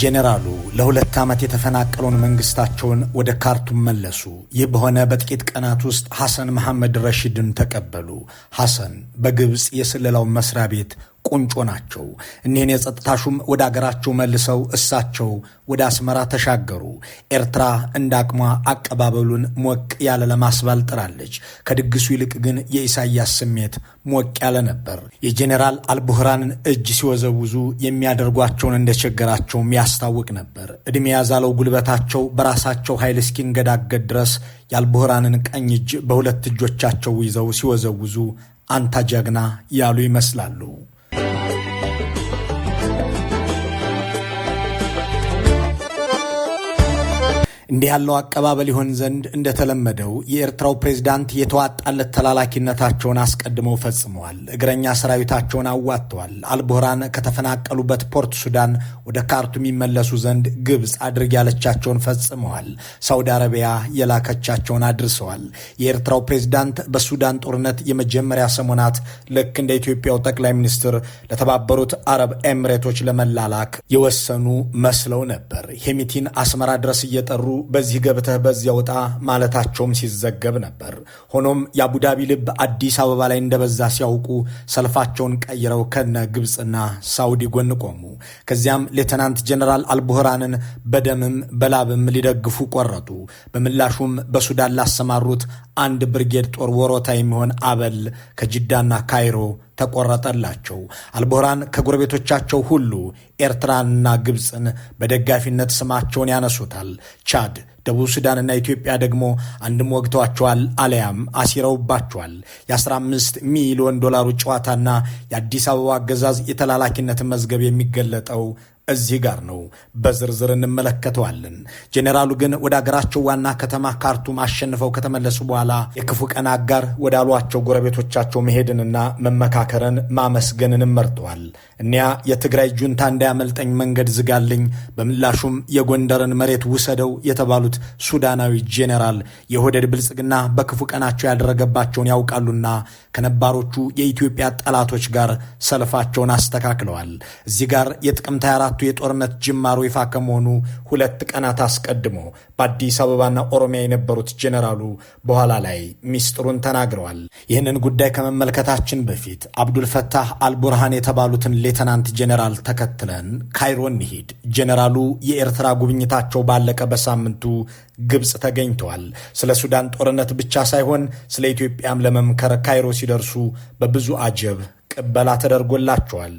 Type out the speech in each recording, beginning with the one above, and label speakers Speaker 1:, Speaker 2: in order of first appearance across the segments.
Speaker 1: ጄኔራሉ ለሁለት ዓመት የተፈናቀሉን መንግስታቸውን ወደ ካርቱም መለሱ። ይህ በሆነ በጥቂት ቀናት ውስጥ ሐሰን መሐመድ ረሺድን ተቀበሉ። ሐሰን በግብፅ የስለላው መስሪያ ቤት ቁንጮ ናቸው። እኒህን የጸጥታ ሹም ወደ አገራቸው መልሰው እሳቸው ወደ አስመራ ተሻገሩ። ኤርትራ እንደ አቅሟ አቀባበሉን ሞቅ ያለ ለማስባል ጥራለች። ከድግሱ ይልቅ ግን የኢሳያስ ስሜት ሞቅ ያለ ነበር። የጄኔራል አልቡህራንን እጅ ሲወዘውዙ የሚያደርጓቸውን እንደቸገራቸውም ያስታውቅ ነበር። ዕድሜ ያዛለው ጉልበታቸው በራሳቸው ኃይል እስኪንገዳገድ ድረስ የአልቡህራንን ቀኝ እጅ በሁለት እጆቻቸው ይዘው ሲወዘውዙ አንታ ጀግና ያሉ ይመስላሉ። እንዲህ ያለው አቀባበል ይሆን ዘንድ እንደተለመደው የኤርትራው ፕሬዝዳንት የተዋጣለት ተላላኪነታቸውን አስቀድመው ፈጽመዋል። እግረኛ ሰራዊታቸውን አዋጥተዋል። አልቡርሃን ከተፈናቀሉበት ፖርት ሱዳን ወደ ካርቱም ይመለሱ ዘንድ ግብፅ አድርግ ያለቻቸውን ፈጽመዋል። ሳውዲ አረቢያ የላከቻቸውን አድርሰዋል። የኤርትራው ፕሬዝዳንት በሱዳን ጦርነት የመጀመሪያ ሰሞናት ልክ እንደ ኢትዮጵያው ጠቅላይ ሚኒስትር ለተባበሩት አረብ ኤምሬቶች ለመላላክ የወሰኑ መስለው ነበር። ሄሚቲን አስመራ ድረስ እየጠሩ በዚህ ገብተህ በዚያ ወጣ ማለታቸውም ሲዘገብ ነበር። ሆኖም የአቡዳቢ ልብ አዲስ አበባ ላይ እንደበዛ ሲያውቁ ሰልፋቸውን ቀይረው ከነ ግብፅና ሳውዲ ጎን ቆሙ። ከዚያም ሌተናንት ጀነራል አልቡህራንን በደምም በላብም ሊደግፉ ቆረጡ። በምላሹም በሱዳን ላሰማሩት አንድ ብርጌድ ጦር ወሮታ የሚሆን አበል ከጅዳና ካይሮ ተቆረጠላቸው። አልቦራን ከጎረቤቶቻቸው ሁሉ ኤርትራንና ግብፅን በደጋፊነት ስማቸውን ያነሱታል። ቻድ፣ ደቡብ ሱዳንና ኢትዮጵያ ደግሞ አንድም ወግተዋቸዋል አለያም አሲረውባቸዋል። የ15 ሚሊዮን ዶላሩ ጨዋታና የአዲስ አበባ አገዛዝ የተላላኪነትን መዝገብ የሚገለጠው እዚህ ጋር ነው በዝርዝር እንመለከተዋለን። ጄኔራሉ ግን ወደ አገራቸው ዋና ከተማ ካርቱም አሸንፈው ከተመለሱ በኋላ የክፉ ቀን አጋር ወዳሏቸው ጎረቤቶቻቸው መሄድንና መመካከርን ማመስገንን መርጠዋል። እኒያ የትግራይ ጁንታ እንዳያመልጠኝ መንገድ ዝጋልኝ፣ በምላሹም የጎንደርን መሬት ውሰደው የተባሉት ሱዳናዊ ጄኔራል የሆደድ ብልጽግና በክፉ ቀናቸው ያደረገባቸውን ያውቃሉና ከነባሮቹ የኢትዮጵያ ጠላቶች ጋር ሰልፋቸውን አስተካክለዋል። እዚህ ጋር የጥቅምት 24 የጦርነት ጅማሩ ይፋ ከመሆኑ ሁለት ቀናት አስቀድሞ በአዲስ አበባና ኦሮሚያ የነበሩት ጄኔራሉ በኋላ ላይ ሚስጥሩን ተናግረዋል። ይህንን ጉዳይ ከመመልከታችን በፊት አብዱልፈታህ አልቡርሃን የተባሉትን ሌተናንት ጄኔራል ተከትለን ካይሮ እንሂድ። ጄኔራሉ የኤርትራ ጉብኝታቸው ባለቀ በሳምንቱ ግብፅ ተገኝተዋል። ስለ ሱዳን ጦርነት ብቻ ሳይሆን ስለ ኢትዮጵያም ለመምከር ካይሮ ሲደርሱ በብዙ አጀብ ቅበላ ተደርጎላቸዋል።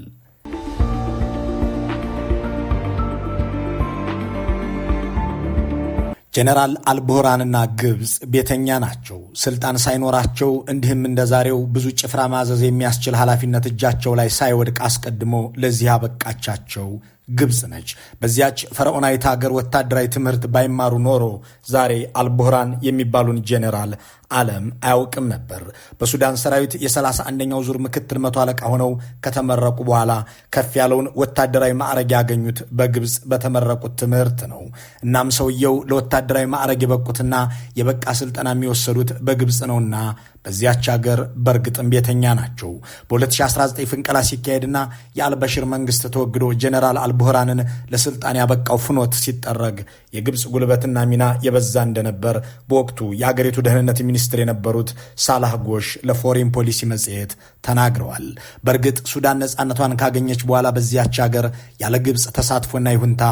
Speaker 1: ጀነራል አልቡህራንና ግብፅ ቤተኛ ናቸው። ስልጣን ሳይኖራቸው እንዲህም እንደ ዛሬው ብዙ ጭፍራ ማዘዝ የሚያስችል ኃላፊነት እጃቸው ላይ ሳይወድቅ አስቀድሞ ለዚህ አበቃቻቸው ግብፅ ነች። በዚያች ፈርዖናዊት ሀገር ወታደራዊ ትምህርት ባይማሩ ኖሮ ዛሬ አልቡህራን የሚባሉን ጄኔራል ዓለም አያውቅም ነበር። በሱዳን ሰራዊት የ 31 ዙር ምክትል መቶ አለቃ ሆነው ከተመረቁ በኋላ ከፍ ያለውን ወታደራዊ ማዕረግ ያገኙት በግብፅ በተመረቁት ትምህርት ነው። እናም ሰውየው ለወታደራዊ ማዕረግ የበቁትና የበቃ ስልጠና የሚወሰዱት በግብፅ ነውና በዚያች ሀገር በእርግጥም ቤተኛ ናቸው። በ2019 ፍንቀላ ሲካሄድና የአልበሽር መንግስት ተወግዶ ጀኔራል አልቡህራንን ለስልጣን ያበቃው ፍኖት ሲጠረግ የግብፅ ጉልበትና ሚና የበዛ እንደነበር በወቅቱ የአገሪቱ ደህንነት ሚኒስትር የነበሩት ሳላህ ጎሽ ለፎሪን ፖሊሲ መጽሔት ተናግረዋል። በእርግጥ ሱዳን ነፃነቷን ካገኘች በኋላ በዚያች ሀገር ያለ ግብፅ ተሳትፎና ይሁንታ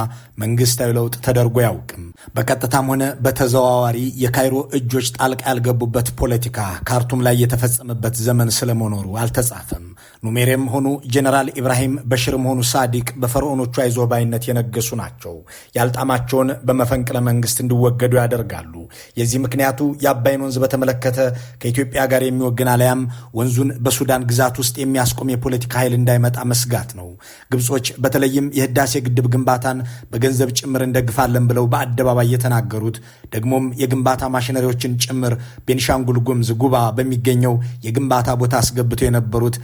Speaker 1: መንግስታዊ ለውጥ ተደርጎ አያውቅም። በቀጥታም ሆነ በተዘዋዋሪ የካይሮ እጆች ጣልቃ ያልገቡበት ፖለቲካ ካርቱም ላይ የተፈጸመበት ዘመን ስለመኖሩ አልተጻፈም። ኑሜሬም ሆኑ ጀነራል ኢብራሂም በሽርም ሆኑ ሳዲቅ በፈርዖኖቹ ባይነት የነገሱ ናቸው። ያልጣማቸውን በመፈንቅለ መንግስት እንዲወገዱ ያደርጋሉ። የዚህ ምክንያቱ የአባይን ወንዝ በተመለከተ ከኢትዮጵያ ጋር የሚወግን አለያም ወንዙን በሱዳን ግዛት ውስጥ የሚያስቆም የፖለቲካ ኃይል እንዳይመጣ መስጋት ነው። ግብጾች በተለይም የህዳሴ ግድብ ግንባታን በገንዘብ ጭምር እንደግፋለን ብለው በአደባባይ የተናገሩት ደግሞም የግንባታ ማሽነሪዎችን ጭምር ቤንሻንጉል ጉምዝ ጉባ በሚገኘው የግንባታ ቦታ አስገብተው የነበሩት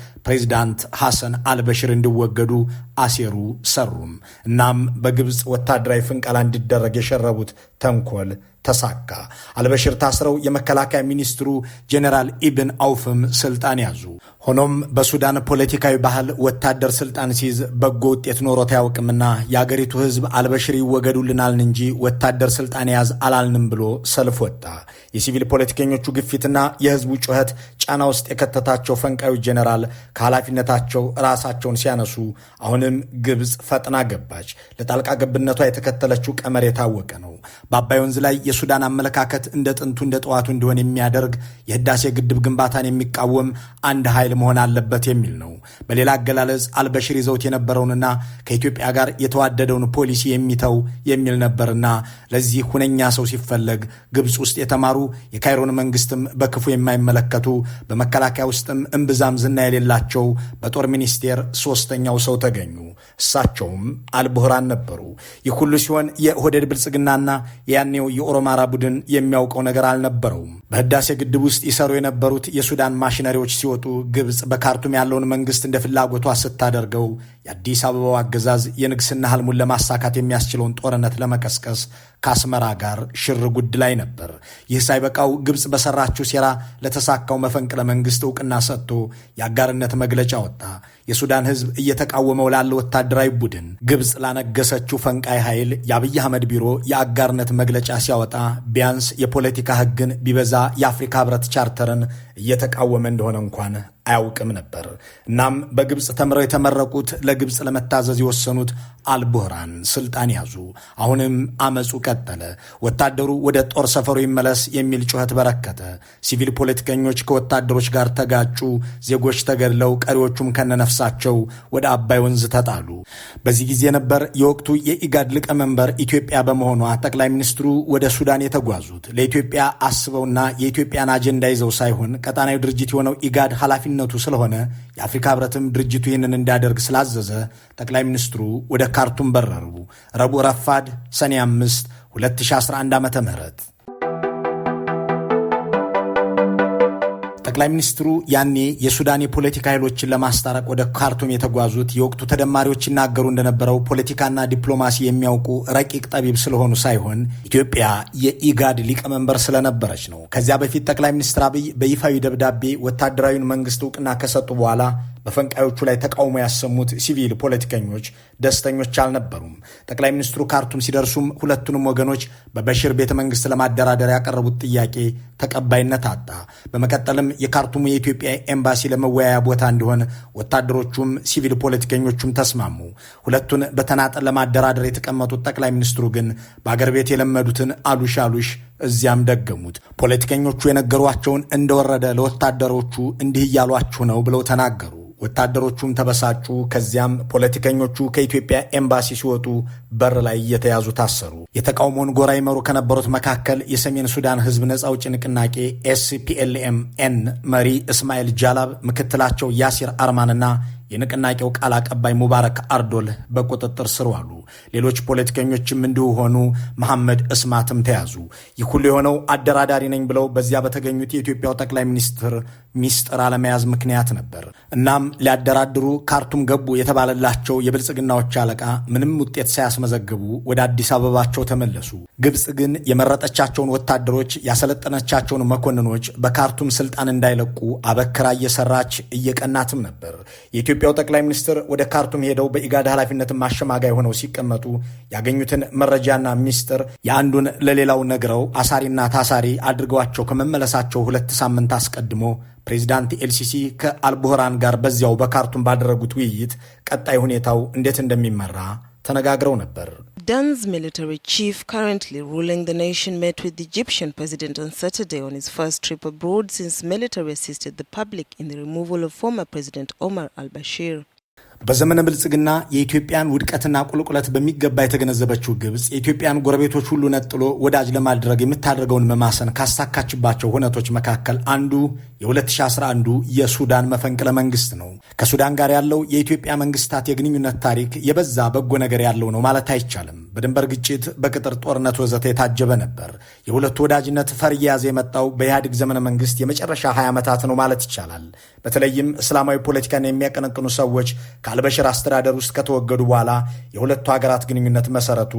Speaker 1: ፕሬዚዳንት ሐሰን አልበሽር እንዲወገዱ አሴሩ ሰሩም። እናም በግብፅ ወታደራዊ ፍንቀላ እንዲደረግ የሸረቡት ተንኮል ተሳካ። አልበሽር ታስረው የመከላከያ ሚኒስትሩ ጄኔራል ኢብን አውፍም ስልጣን ያዙ። ሆኖም በሱዳን ፖለቲካዊ ባህል ወታደር ስልጣን ሲይዝ በጎ ውጤት ኖሮት አያውቅምና የአገሪቱ ሕዝብ አልበሽር ይወገዱልናልን እንጂ ወታደር ስልጣን ያዝ አላልንም ብሎ ሰልፍ ወጣ። የሲቪል ፖለቲከኞቹ ግፊትና የሕዝቡ ጩኸት ጫና ውስጥ የከተታቸው ፈንቃዩ ጄኔራል ከኃላፊነታቸው ራሳቸውን ሲያነሱ አሁንም ግብፅ ፈጥና ገባች። ለጣልቃ ገብነቷ የተከተለችው ቀመር የታወቀ ነው። በአባይ ወንዝ ላይ የሱዳን አመለካከት እንደ ጥንቱ እንደ ጠዋቱ እንዲሆን የሚያደርግ የህዳሴ ግድብ ግንባታን የሚቃወም አንድ ኃይል መሆን አለበት የሚል ነው። በሌላ አገላለጽ አልበሽር ይዘውት የነበረውንና ከኢትዮጵያ ጋር የተዋደደውን ፖሊሲ የሚተው የሚል ነበርና ለዚህ ሁነኛ ሰው ሲፈለግ ግብፅ ውስጥ የተማሩ የካይሮን መንግስትም በክፉ የማይመለከቱ በመከላከያ ውስጥም እምብዛም ዝና የሌላቸው የነበረው በጦር ሚኒስቴር ሶስተኛው ሰው ተገኙ። እሳቸውም አልቡህራን ነበሩ። ይህ ሁሉ ሲሆን የሆደድ ብልጽግናና ያኔው የኦሮማራ ቡድን የሚያውቀው ነገር አልነበረውም። በህዳሴ ግድብ ውስጥ ይሰሩ የነበሩት የሱዳን ማሽነሪዎች ሲወጡ ግብፅ በካርቱም ያለውን መንግስት እንደ ፍላጎቷ ስታደርገው የአዲስ አበባው አገዛዝ የንግስና ህልሙን ለማሳካት የሚያስችለውን ጦርነት ለመቀስቀስ ከአስመራ ጋር ሽር ጉድ ላይ ነበር። ይህ ሳይበቃው ግብፅ በሰራችው ሴራ ለተሳካው መፈንቅለ መንግስት እውቅና ሰጥቶ የአጋርነት መግለጫ ወጣ። የሱዳን ህዝብ እየተቃወመው ላለ ወታደራዊ ቡድን ግብፅ ላነገሰችው ፈንቃይ ኃይል የአብይ አህመድ ቢሮ የአጋርነት መግለጫ ሲያወጣ ቢያንስ የፖለቲካ ህግን ቢበዛ የአፍሪካ ህብረት ቻርተርን እየተቃወመ እንደሆነ እንኳን አያውቅም ነበር። እናም በግብፅ ተምረው የተመረቁት ለግብፅ ለመታዘዝ የወሰኑት አልቡህራን ስልጣን ያዙ። አሁንም አመፁ ቀጠለ። ወታደሩ ወደ ጦር ሰፈሩ ይመለስ የሚል ጩኸት በረከተ። ሲቪል ፖለቲከኞች ከወታደሮች ጋር ተጋጩ። ዜጎች ተገድለው ቀሪዎቹም ከነነፍሳቸው ወደ አባይ ወንዝ ተጣሉ። በዚህ ጊዜ ነበር የወቅቱ የኢጋድ ሊቀመንበር ኢትዮጵያ በመሆኗ ጠቅላይ ሚኒስትሩ ወደ ሱዳን የተጓዙት። ለኢትዮጵያ አስበውና የኢትዮጵያን አጀንዳ ይዘው ሳይሆን ቀጣናዊ ድርጅት የሆነው ኢጋድ ኃላፊነቱ ስለሆነ የአፍሪካ ህብረትም ድርጅቱ ይህንን እንዲያደርግ ስላዘዘ ጠቅላይ ሚኒስትሩ ወደ ካርቱም በረሩ። ረቡዕ ረፋድ ሰኔ 5 2011 ዓ ም ጠቅላይ ሚኒስትሩ ያኔ የሱዳን የፖለቲካ ኃይሎችን ለማስታረቅ ወደ ካርቱም የተጓዙት የወቅቱ ተደማሪዎች ይናገሩ እንደነበረው ፖለቲካና ዲፕሎማሲ የሚያውቁ ረቂቅ ጠቢብ ስለሆኑ ሳይሆን ኢትዮጵያ የኢጋድ ሊቀመንበር ስለነበረች ነው። ከዚያ በፊት ጠቅላይ ሚኒስትር አብይ በይፋዊ ደብዳቤ ወታደራዊን መንግስት እውቅና ከሰጡ በኋላ በፈንቃዮቹ ላይ ተቃውሞ ያሰሙት ሲቪል ፖለቲከኞች ደስተኞች አልነበሩም። ጠቅላይ ሚኒስትሩ ካርቱም ሲደርሱም ሁለቱንም ወገኖች በበሽር ቤተ መንግስት ለማደራደር ያቀረቡት ጥያቄ ተቀባይነት አጣ። በመቀጠልም የካርቱሙ የኢትዮጵያ ኤምባሲ ለመወያያ ቦታ እንዲሆን ወታደሮቹም ሲቪል ፖለቲከኞቹም ተስማሙ። ሁለቱን በተናጠል ለማደራደር የተቀመጡት ጠቅላይ ሚኒስትሩ ግን በአገር ቤት የለመዱትን አሉሽ አሉሽ እዚያም ደገሙት። ፖለቲከኞቹ የነገሯቸውን እንደወረደ ለወታደሮቹ እንዲህ እያሏችሁ ነው ብለው ተናገሩ። ወታደሮቹም ተበሳጩ። ከዚያም ፖለቲከኞቹ ከ ከኢትዮጵያ ኤምባሲ ሲወጡ በር ላይ እየተያዙ ታሰሩ። የተቃውሞውን ጎራ ይመሩ ከነበሩት መካከል የሰሜን ሱዳን ህዝብ ነጻ አውጪ ንቅናቄ ኤስፒኤልኤምኤን መሪ እስማኤል ጃላብ፣ ምክትላቸው ያሲር አርማንና የንቅናቄው ቃል አቀባይ ሙባረክ አርዶል በቁጥጥር ስር ዋሉ። ሌሎች ፖለቲከኞችም እንዲሁ ሆኑ። መሐመድ እስማትም ተያዙ። ይህ ሁሉ የሆነው አደራዳሪ ነኝ ብለው በዚያ በተገኙት የኢትዮጵያው ጠቅላይ ሚኒስትር ሚስጥር አለመያዝ ምክንያት ነበር። እናም ሊያደራድሩ ካርቱም ገቡ የተባለላቸው የብልጽግናዎች አለቃ ምንም ውጤት ሳያስመዘግቡ ወደ አዲስ አበባቸው ተመለሱ። ግብፅ ግን የመረጠቻቸውን ወታደሮች ያሰለጠነቻቸውን መኮንኖች በካርቱም ስልጣን እንዳይለቁ አበክራ እየሰራች እየቀናትም ነበር። የኢትዮጵያው ጠቅላይ ሚኒስትር ወደ ካርቱም ሄደው በኢጋድ ኃላፊነት ማሸማጋይ ሆነው ሲቀመጡ ያገኙትን መረጃና ሚስጥር የአንዱን ለሌላው ነግረው አሳሪና ታሳሪ አድርገዋቸው ከመመለሳቸው ሁለት ሳምንት አስቀድሞ ፕሬዚዳንት ኤልሲሲ ከአልቡህራን ጋር በዚያው በካርቱም ባደረጉት ውይይት ቀጣይ ሁኔታው እንዴት እንደሚመራ ተነጋግረው ነበር።
Speaker 2: Sudan's military chief, currently ruling the nation, met with the Egyptian president on Saturday on his first trip abroad since military assisted the public in the removal of former President Omar al-Bashir.
Speaker 1: በዘመነ ብልጽግና የኢትዮጵያን ውድቀትና ቁልቁለት በሚገባ የተገነዘበችው ግብፅ የኢትዮጵያን ጎረቤቶች ሁሉ ነጥሎ ወዳጅ ለማድረግ የምታደርገውን መማሰን ካሳካችባቸው ሁነቶች መካከል አንዱ የ2011 የሱዳን መፈንቅለ መንግስት ነው። ከሱዳን ጋር ያለው የኢትዮጵያ መንግስታት የግንኙነት ታሪክ የበዛ በጎ ነገር ያለው ነው ማለት አይቻልም። በድንበር ግጭት፣ በቅጥር ጦርነት ወዘተ የታጀበ ነበር። የሁለቱ ወዳጅነት ፈር እየያዘ የመጣው በኢህአዴግ ዘመነ መንግስት የመጨረሻ 20 ዓመታት ነው ማለት ይቻላል። በተለይም እስላማዊ ፖለቲካን የሚያቀነቅኑ ሰዎች ከአልበሽር አስተዳደር ውስጥ ከተወገዱ በኋላ የሁለቱ ሀገራት ግንኙነት መሰረቱ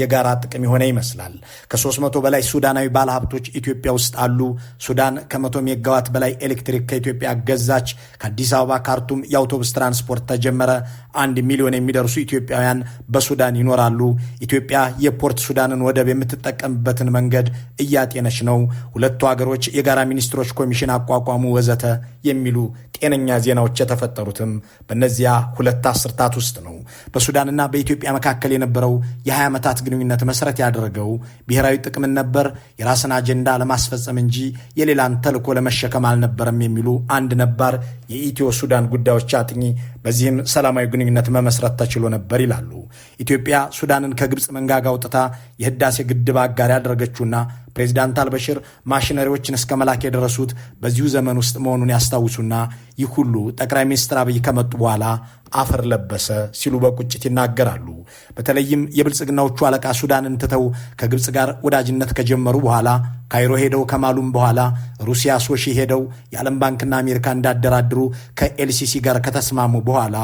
Speaker 1: የጋራ ጥቅም የሆነ ይመስላል። ከ300 በላይ ሱዳናዊ ባለሀብቶች ኢትዮጵያ ውስጥ አሉ። ሱዳን ከ100 ሜጋዋት በላይ ኤሌክትሪክ ከኢትዮጵያ ገዛች። ከአዲስ አበባ ካርቱም የአውቶቡስ ትራንስፖርት ተጀመረ። አንድ ሚሊዮን የሚደርሱ ኢትዮጵያውያን በሱዳን ይኖራሉ። ኢትዮጵያ የፖርት ሱዳንን ወደብ የምትጠቀምበትን መንገድ እያጤነች ነው፣ ሁለቱ ሀገሮች የጋራ ሚኒስትሮች ኮሚሽን አቋቋሙ፣ ወዘተ የሚሉ ጤነኛ ዜናዎች የተፈጠሩትም በእነዚያ ሁለት አስርታት ውስጥ ነው። በሱዳንና በኢትዮጵያ መካከል የነበረው የ20 ዓመታት ግንኙነት መሰረት ያደረገው ብሔራዊ ጥቅምን ነበር፣ የራስን አጀንዳ ለማስፈጸም እንጂ የሌላን ተልዕኮ ለመሸከም አልነበረም የሚሉ አንድ ነባር የኢትዮ ሱዳን ጉዳዮች አጥኚ በዚህም ሰላማዊ ግንኙነት መመስረት ተችሎ ነበር ይላሉ። ኢትዮጵያ ሱዳንን ከግብፅ መንጋጋ አውጥታ የህዳሴ ግድብ አጋር ያደረገችውና ፕሬዚዳንት አልበሽር ማሽነሪዎችን እስከ መላክ የደረሱት በዚሁ ዘመን ውስጥ መሆኑን ያስታውሱና ይህ ሁሉ ጠቅላይ ሚኒስትር አብይ ከመጡ በኋላ አፈር ለበሰ ሲሉ በቁጭት ይናገራሉ። በተለይም የብልጽግናዎቹ አለቃ ሱዳንን ትተው ከግብፅ ጋር ወዳጅነት ከጀመሩ በኋላ ካይሮ ሄደው ከማሉም በኋላ ሩሲያ ሶሺ ሄደው የዓለም ባንክና አሜሪካ እንዳደራድሩ ከኤልሲሲ ጋር ከተስማሙ በኋላ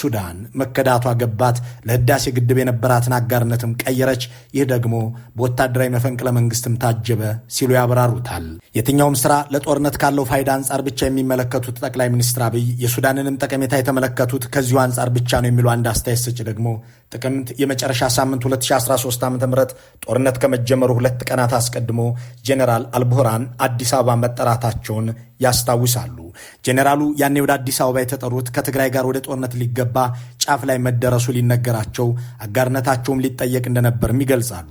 Speaker 1: ሱዳን መከዳቷ ገባት። ለህዳሴ ግድብ የነበራትን አጋርነትም ቀየረች። ይህ ደግሞ በወታደራዊ መፈንቅለ መንግስትም ታጀበ ሲሉ ያብራሩታል። የትኛውም ስራ ለጦርነት ካለው ፋይዳ አንጻር ብቻ የሚመለከቱት ጠቅላይ ሚኒስትር አብይ የሱዳንንም ጠቀሜታ የተመለከቱት ከዚሁ አንጻር ብቻ ነው የሚሉ አንድ አስተያየት ሰጪ ደግሞ ጥቅምት የመጨረሻ ሳምንት 2013 ዓ ም ጦርነት ከመጀመሩ ሁለት ቀናት አስቀድሞ ጄኔራል አልቡርሃን አዲስ አበባ መጠራታቸውን ያስታውሳሉ። ጄኔራሉ ያኔ ወደ አዲስ አበባ የተጠሩት ከትግራይ ጋር ወደ ጦርነት ሊገባ ጫፍ ላይ መደረሱ ሊነገራቸው አጋርነታቸውም ሊጠየቅ እንደነበርም ይገልጻሉ።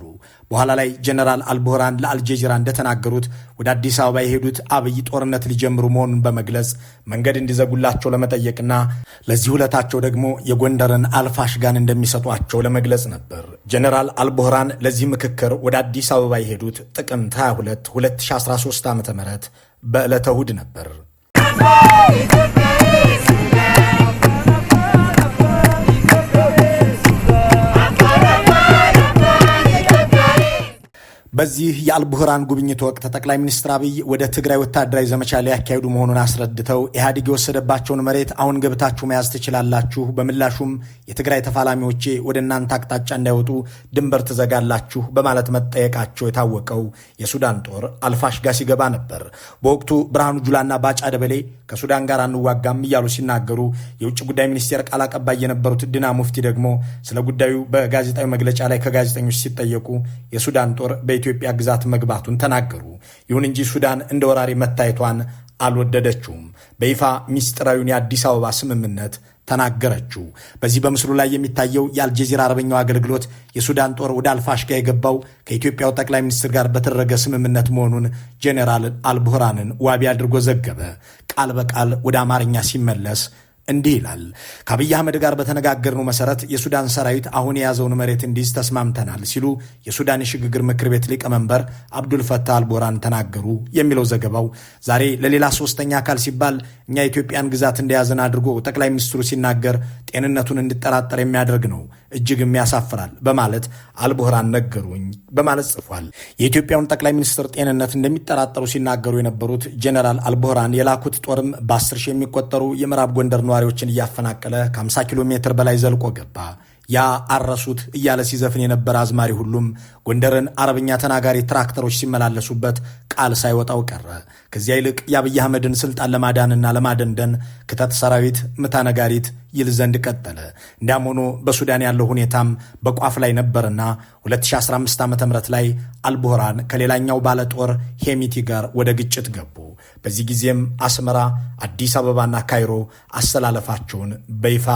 Speaker 1: በኋላ ላይ ጀነራል አልቡህራን ለአልጀዚራ እንደተናገሩት ወደ አዲስ አበባ የሄዱት አብይ ጦርነት ሊጀምሩ መሆኑን በመግለጽ መንገድ እንዲዘጉላቸው ለመጠየቅና ለዚህ ውለታቸው ደግሞ የጎንደርን አልፋሽጋን እንደሚሰጧቸው ለመግለጽ ነበር። ጀነራል አልቡርሃን ለዚህ ምክክር ወደ አዲስ አበባ የሄዱት ጥቅምት 22 2013 ዓ ም በዕለተ እሁድ ነበር። በዚህ የአልቡህራን ጉብኝት ወቅት ጠቅላይ ሚኒስትር አብይ ወደ ትግራይ ወታደራዊ ዘመቻ ሊያካሂዱ መሆኑን አስረድተው ኢህአዴግ የወሰደባቸውን መሬት አሁን ገብታችሁ መያዝ ትችላላችሁ፣ በምላሹም የትግራይ ተፋላሚዎቼ ወደ እናንተ አቅጣጫ እንዳይወጡ ድንበር ትዘጋላችሁ በማለት መጠየቃቸው የታወቀው የሱዳን ጦር አልፋሽ ጋር ሲገባ ነበር። በወቅቱ ብርሃኑ ጁላና ባጫ ደበሌ ከሱዳን ጋር አንዋጋም እያሉ ሲናገሩ የውጭ ጉዳይ ሚኒስቴር ቃል አቀባይ የነበሩት ዲና ሙፍቲ ደግሞ ስለ ጉዳዩ በጋዜጣዊ መግለጫ ላይ ከጋዜጠኞች ሲጠየቁ የሱዳን ጦር በ የኢትዮጵያ ግዛት መግባቱን ተናገሩ። ይሁን እንጂ ሱዳን እንደ ወራሪ መታየቷን አልወደደችውም። በይፋ ሚስጥራዊን የአዲስ አበባ ስምምነት ተናገረችው። በዚህ በምስሉ ላይ የሚታየው የአልጀዚራ አረበኛው አገልግሎት የሱዳን ጦር ወደ አልፋሽጋ የገባው ከኢትዮጵያው ጠቅላይ ሚኒስትር ጋር በተደረገ ስምምነት መሆኑን ጄኔራል አልቡህራንን ዋቢ አድርጎ ዘገበ። ቃል በቃል ወደ አማርኛ ሲመለስ እንዲህ ይላል። ከአብይ አህመድ ጋር በተነጋገርነው መሰረት የሱዳን ሰራዊት አሁን የያዘውን መሬት እንዲይዝ ተስማምተናል ሲሉ የሱዳን የሽግግር ምክር ቤት ሊቀመንበር አብዱልፈታ አልቦራን ተናገሩ የሚለው ዘገባው ዛሬ ለሌላ ሶስተኛ አካል ሲባል እኛ የኢትዮጵያን ግዛት እንደያዘን አድርጎ ጠቅላይ ሚኒስትሩ ሲናገር ጤንነቱን እንድጠራጠር የሚያደርግ ነው፣ እጅግም ያሳፍራል በማለት አልቦራን ነገሩኝ በማለት ጽፏል። የኢትዮጵያውን ጠቅላይ ሚኒስትር ጤንነት እንደሚጠራጠሩ ሲናገሩ የነበሩት ጀነራል አልቦራን የላኩት ጦርም በአስር ሺህ የሚቆጠሩ የምዕራብ ጎንደር ነዋሪዎችን እያፈናቀለ ከ50 ኪሎ ሜትር በላይ ዘልቆ ገባ። ያ አረሱት እያለ ሲዘፍን የነበረ አዝማሪ ሁሉም ጎንደርን አረብኛ ተናጋሪ ትራክተሮች ሲመላለሱበት ቃል ሳይወጣው ቀረ። ከዚያ ይልቅ የአብይ አህመድን ስልጣን ለማዳንና ለማደንደን ክተት ሰራዊት ምታ ነጋሪት ይል ዘንድ ቀጠለ። እንዲያም ሆኖ በሱዳን ያለው ሁኔታም በቋፍ ላይ ነበርና 2015 ዓ ም ላይ አልቡህራን ከሌላኛው ባለጦር ሄሚቲ ጋር ወደ ግጭት ገቡ። በዚህ ጊዜም አስመራ፣ አዲስ አበባና ካይሮ አሰላለፋቸውን በይፋ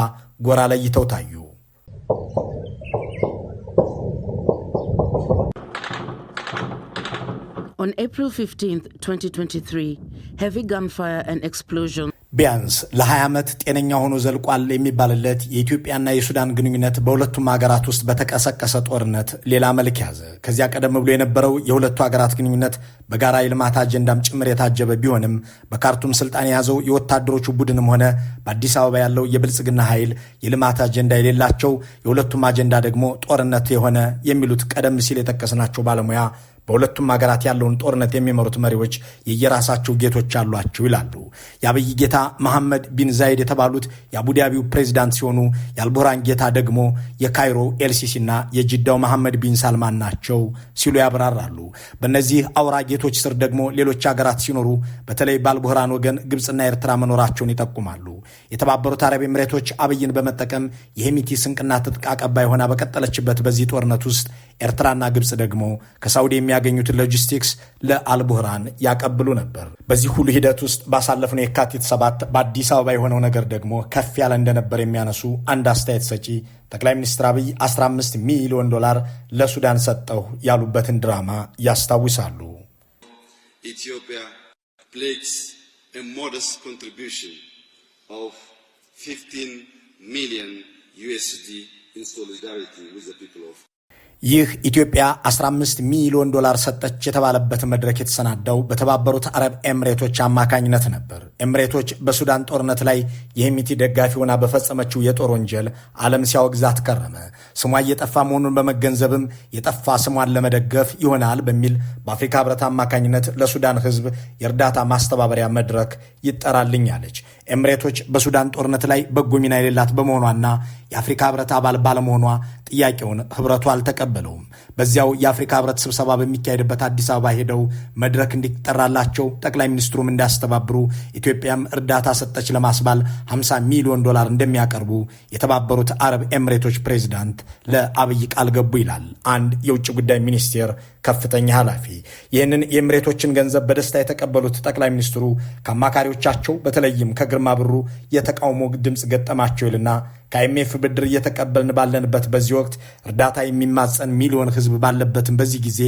Speaker 1: ጎራ ለይተው ታዩ።
Speaker 2: On April 15, 2023, heavy gunfire and explosion
Speaker 1: ቢያንስ ለ20 ዓመት ጤነኛ ሆኖ ዘልቋል የሚባልለት የኢትዮጵያና የሱዳን ግንኙነት በሁለቱም ሀገራት ውስጥ በተቀሰቀሰ ጦርነት ሌላ መልክ ያዘ። ከዚያ ቀደም ብሎ የነበረው የሁለቱ ሀገራት ግንኙነት በጋራ የልማት አጀንዳም ጭምር የታጀበ ቢሆንም በካርቱም ስልጣን የያዘው የወታደሮቹ ቡድንም ሆነ በአዲስ አበባ ያለው የብልጽግና ኃይል የልማት አጀንዳ የሌላቸው የሁለቱም አጀንዳ ደግሞ ጦርነት የሆነ የሚሉት ቀደም ሲል የጠቀስናቸው ባለሙያ በሁለቱም ሀገራት ያለውን ጦርነት የሚመሩት መሪዎች የየራሳቸው ጌቶች አሏቸው ይላሉ። የአብይ ጌታ መሐመድ ቢን ዛይድ የተባሉት የአቡዳቢው ፕሬዚዳንት ሲሆኑ የአልቡርሃን ጌታ ደግሞ የካይሮ ኤልሲሲና የጅዳው መሐመድ ቢን ሳልማን ናቸው ሲሉ ያብራራሉ። በእነዚህ አውራ ጌቶች ስር ደግሞ ሌሎች ሀገራት ሲኖሩ፣ በተለይ በአልቡርሃን ወገን ግብፅና ኤርትራ መኖራቸውን ይጠቁማሉ። የተባበሩት አረብ ኤምሬቶች አብይን በመጠቀም የሄሚቲ ስንቅና ትጥቅ አቀባይ ሆና በቀጠለችበት በዚህ ጦርነት ውስጥ ኤርትራና ግብፅ ደግሞ ከሳውዲ የሚያገኙትን ሎጂስቲክስ ለአልቡህራን ያቀብሉ ነበር። በዚህ ሁሉ ሂደት ውስጥ ባሳለፍነው የካቲት ሰባት በአዲስ አበባ የሆነው ነገር ደግሞ ከፍ ያለ እንደነበር የሚያነሱ አንድ አስተያየት ሰጪ ጠቅላይ ሚኒስትር አብይ 15 ሚሊዮን ዶላር ለሱዳን ሰጠሁ ያሉበትን ድራማ ያስታውሳሉ።
Speaker 3: ኢትዮጵያ ፕሌክስ ሞደስት ኮንትሪቢሽን of 15 million USD in solidarity with the people of
Speaker 1: ይህ ኢትዮጵያ 15 ሚሊዮን ዶላር ሰጠች የተባለበት መድረክ የተሰናዳው በተባበሩት አረብ ኤምሬቶች አማካኝነት ነበር። ኤምሬቶች በሱዳን ጦርነት ላይ የሄሚቲ ደጋፊ ሆና በፈጸመችው የጦር ወንጀል ዓለም ሲያወግዛት ከረመ። ስሟ እየጠፋ መሆኑን በመገንዘብም የጠፋ ስሟን ለመደገፍ ይሆናል በሚል በአፍሪካ ሕብረት አማካኝነት ለሱዳን ሕዝብ የእርዳታ ማስተባበሪያ መድረክ ይጠራልኝ አለች። ኤምሬቶች በሱዳን ጦርነት ላይ በጎ ሚና የሌላት በመሆኗና የአፍሪካ ሕብረት አባል ባለመሆኗ ጥያቄውን ህብረቱ አልተቀበለውም። በዚያው የአፍሪካ ህብረት ስብሰባ በሚካሄድበት አዲስ አበባ ሄደው መድረክ እንዲጠራላቸው ጠቅላይ ሚኒስትሩም እንዲያስተባብሩ ኢትዮጵያም እርዳታ ሰጠች ለማስባል 50 ሚሊዮን ዶላር እንደሚያቀርቡ የተባበሩት አረብ ኤምሬቶች ፕሬዚዳንት ለአብይ ቃል ገቡ ይላል አንድ የውጭ ጉዳይ ሚኒስቴር ከፍተኛ ኃላፊ። ይህንን የኤምሬቶችን ገንዘብ በደስታ የተቀበሉት ጠቅላይ ሚኒስትሩ ከአማካሪዎቻቸው በተለይም ከግርማ ብሩ የተቃውሞ ድምፅ ገጠማቸው ይልና ከአይኤምኤፍ ብድር እየተቀበልን ባለንበት በዚህ ወቅት እርዳታ የሚማጸን ሚሊዮን ህዝብ ባለበትም በዚህ ጊዜ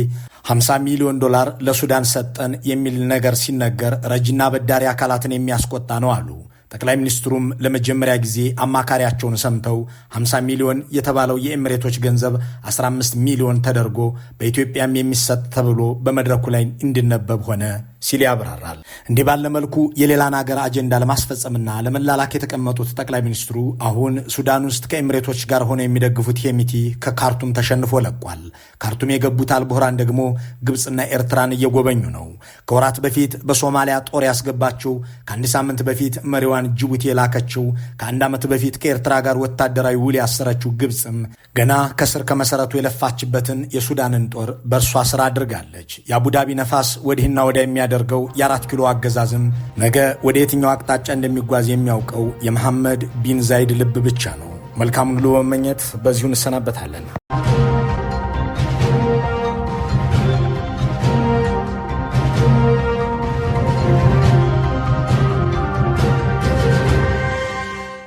Speaker 1: 50 ሚሊዮን ዶላር ለሱዳን ሰጠን የሚል ነገር ሲነገር ረጅና በዳሪ አካላትን የሚያስቆጣ ነው አሉ። ጠቅላይ ሚኒስትሩም ለመጀመሪያ ጊዜ አማካሪያቸውን ሰምተው 50 ሚሊዮን የተባለው የኤምሬቶች ገንዘብ 15 ሚሊዮን ተደርጎ በኢትዮጵያም የሚሰጥ ተብሎ በመድረኩ ላይ እንዲነበብ ሆነ ሲል ያብራራል። እንዲህ ባለ መልኩ የሌላን ሀገር አጀንዳ ለማስፈጸምና ለመላላክ የተቀመጡት ጠቅላይ ሚኒስትሩ አሁን ሱዳን ውስጥ ከኤምሬቶች ጋር ሆነው የሚደግፉት ሄሚቲ ከካርቱም ተሸንፎ ለቋል። ካርቱም የገቡት አልቡርሃን ደግሞ ግብፅና ኤርትራን እየጎበኙ ነው። ከወራት በፊት በሶማሊያ ጦር ያስገባቸው፣ ከአንድ ሳምንት በፊት መሪዋን ጅቡቲ የላከችው፣ ከአንድ ዓመት በፊት ከኤርትራ ጋር ወታደራዊ ውል ያሰረችው ግብፅም ገና ከስር ከመሰረቱ የለፋችበትን የሱዳንን ጦር በእርሷ ስራ አድርጋለች። የአቡዳቢ ነፋስ ወዲህና ወዲያ የሚያደርገው የአራት ኪሎ አገዛዝም ነገ ወደ የትኛው አቅጣጫ እንደሚጓዝ የሚያውቀው የመሐመድ ቢን ዛይድ ልብ ብቻ ነው። መልካም ሁሉ በመመኘት በዚሁ እንሰናበታለን።